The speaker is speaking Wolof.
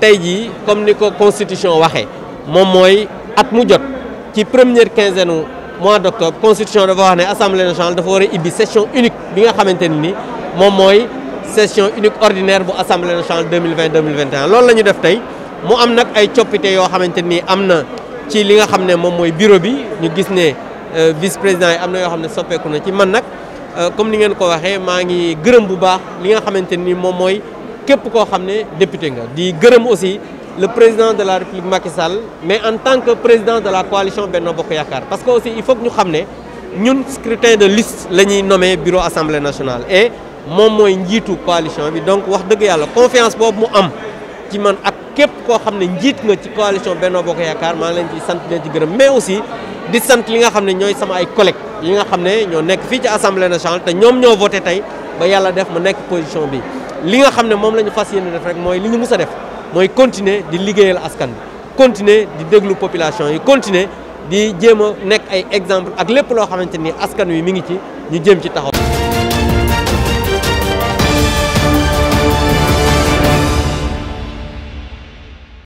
tey jii comme ni ko constitution waxee moom mooy at mu jot ci première quinzaine mois d' octobre constitution dafa wax ne assemblée nationale dafa war a ibi session unique bi nga xamante ne ni moom mooy session unique ordinaire bu assemblée nationale 2020 2021 loolu la ñu def tey mu am nag ay coppite yoo xamante ni am na ci li nga xam ne moom mooy bureau bi ñu gis ne euh, vice président yi am na yoo xam ne soppeeku na ci man nag euh, comme ni ngeen ko waxee maa ngi gërëm bu baax li nga xamante ni moom mooy képp koo xam député nga di aussi le président de la république Macky Sall mais en tant que président de la coalition Benno Bokk Yaakaar parce que aussi il faut que ñu xam ne ñun scrutin de liste la ñuy bureau assemblée nationale et moom mooy njiitu coalition bi donc wax dëgg yàlla confiance boobu mu am ci man ak képp koo xam nga ci coalition Benno Bokk Yaakaar ma ngi leen ci sant leen ci gërëm mais aussi di sant li nga xamné ñoy sama ay collègues yi nga xamné ñoo nekk ci assemblée nationale té ñom ñoo voté tay ba yalla def mu nek position bi li nga xamné mom lañu la def rek moy li ñu mus def moy continuer di liggéeyal askan bi continuer di déglu population yi continuer di jéem nek ay exemple ak lépp lo xamanteni askan wi mi ngi ci ñu jëm ci taxaw